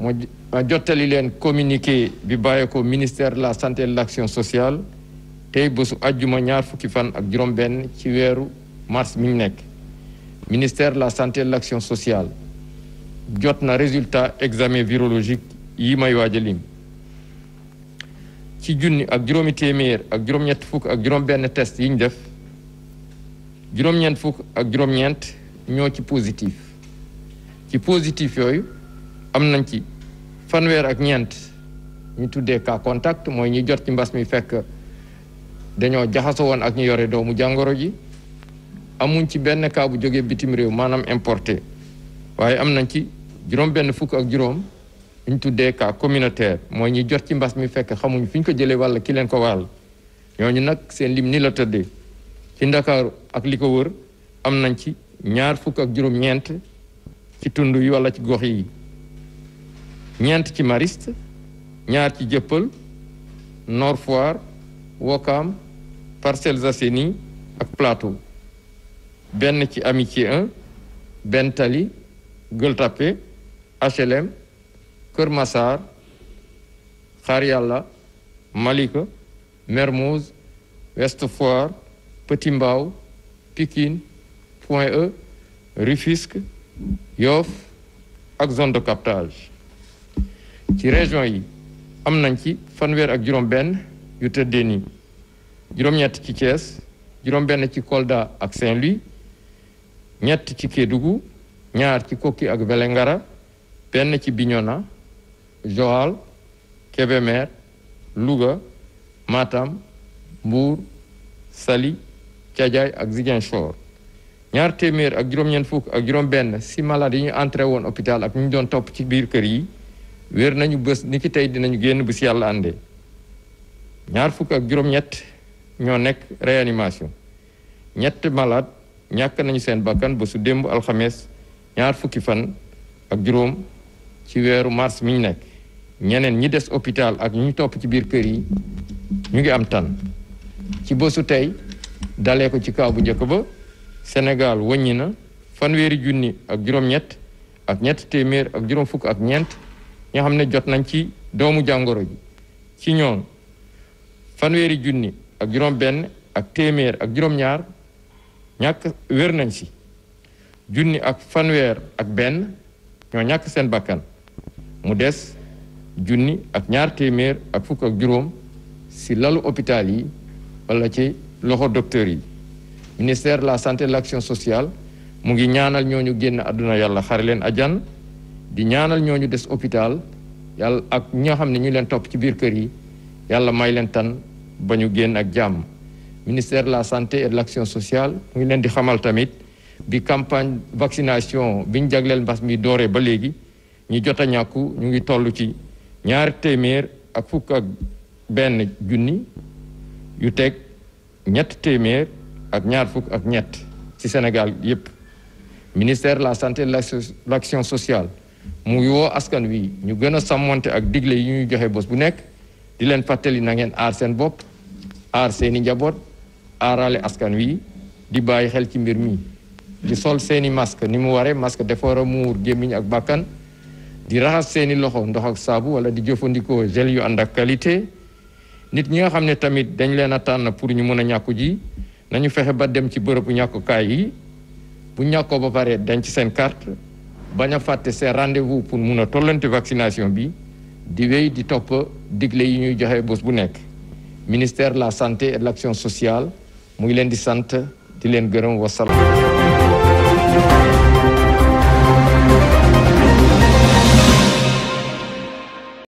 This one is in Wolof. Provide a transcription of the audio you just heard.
mu jottali leen communiqué bi bàyyi ministère de la santé et de l'action sociale tey bésu ajjuma ñaar fukki fan ak juróom-benn ci weeru mars mi ñu nekk ministère de la santé et de l'action sociale jot na résultat examen birologique yi may waaj a ci junni ak juróomi téeméer ak juróom-ñett fukk ak juróom-benn test yi ñu def juróom-ñeent juróom-ñeent ñoo ci positif ci positif yooyu. am nañ ci fanweer ak ñeent ñu tuddee ka contact mooy ñuy jot ci mbas mi fekk dañoo jaxasoo woon ak ñu yore doomu jàngoro ji amuñ ci benn cas bu bitim réew maanaam importé waaye am nañ ci juróom benn fukk ak juróom ñu tuddee ka communautaire mooy ñuy jot ci mbas mi fekk xamuñ fi ñu ko jëlee walla ki leen ko wàll ñooñu nag seen lim ni la tëddee ci Ndakaaru ak li ko wër am nañ ci ñaar fukk ak juróom-ñeent ci tund yi walla ci gox yi ñent ci Mariste ñaar ci Jëppal Nord Foire Wokam Parcelles Assainies ak Plateau benn ci Amitié 1 Bène Tally Gueule Tapée HLM Kër Massar Xaar Yàlla Malika Mermoz Ouest Foire Petit Point E Rufisque Yoff ak zone de captage ci région yi am nañ ci fanweer ak juróom-benn yu tëddee nii juróom-ñett ci Thiès juróom-benn ci Kolda ak Saint-Louis ñett ci Kédougou ñaar ci Koki ak Vélingara benn ci Bignona Joal Kébémer Louga maatam Mbour sali Thiadiaye ak Ziguinchor ñaar téeméer ak juróom-ñeent fukk ak juróom-benn si malade yi ñu entré woon hôpital ak ñu doon topp ci biir kër yi wér nañu bës niki ki tey dinañu génn bu si yàlla àndee ñaar fukk ak juróom-ñett ñoo nekk réanimation ñett malade ñàkk nañu seen bakkan ba démb alxames ñaar fukki fan ak juróom ci weeru mars mi ñu nekk ñeneen ñi des hôpital ak ñu topp ci biir kër yi ñu ngi am tan ci bësu tey dalee ko ci kaw bu jëkk ba Sénégal wàññi na fanweeri junni ak juróom-ñett ak ñett téeméer ak juróom fukk ak ñeent ñoo xam ne jot nañ ci doomu jàngoro ji ci ñoom fanweeri junni ak juróom-benn ak téeméer ak juróom-ñaar ñàkk wér nañ ci junni ak fanweer ak benn ñoo ñàkk seen bakkan mu des junni ak ñaar téeméer ak fukk ak juróom si lalu hôpital yi wala ci loxo docteurs yi ministère la santé et de l'action sociale mu ngi ñaanal ñooñu génn àdduna yàlla xare leen ajan di ñaanal ñoo ñu des hôpital yàlla ak ñoo xam ne ñu leen topp ci biir kër yi yàlla may leen tan ba ñu génn ak jàmm ministère la santé et de l'action sociale mu ngi leen di xamal tamit bi campagne vaccination bi ñu jagleel mbas mi dooree ba léegi ñu jot a ñàkku ñu ngi toll ci ñaar téeméer ak fukk ak benn junni yu teg ñett téeméer ak ñaar fukk ak ñett ci Sénégal yépp ministère la santé et l'action sociale mu woo askan wi ñu gën a sàmmonte ak digle yi ñuy joxe bos bu nekk di leen fàttali na ngeen aar seen bopp aar seeni njaboot aarale askan wi di bàyyi xel ci mbir mi di sol seeni masque ni mu waree masque dafa war muur gémmiñ ak bàkkan di raxas seeni loxo ndox ak saabu wala di jëfandikoo gel yu ànd ak qualité nit ñi nga xam ne tamit dañ leen a tànn pour ñu mën a ñàkku ji nañu fexe ba dem ci bërëbu ñàkkukaay yi bu ñàkkoo ba pare denc seen carte bañ a fàtte seen rendez-vous pour mun a tollante vaccination bi di wéy di topp digle yi ñuy joxe bos bu nekk ministère la santé et l'action sociale mu ngi leen di sant di leen gërëm wasalaam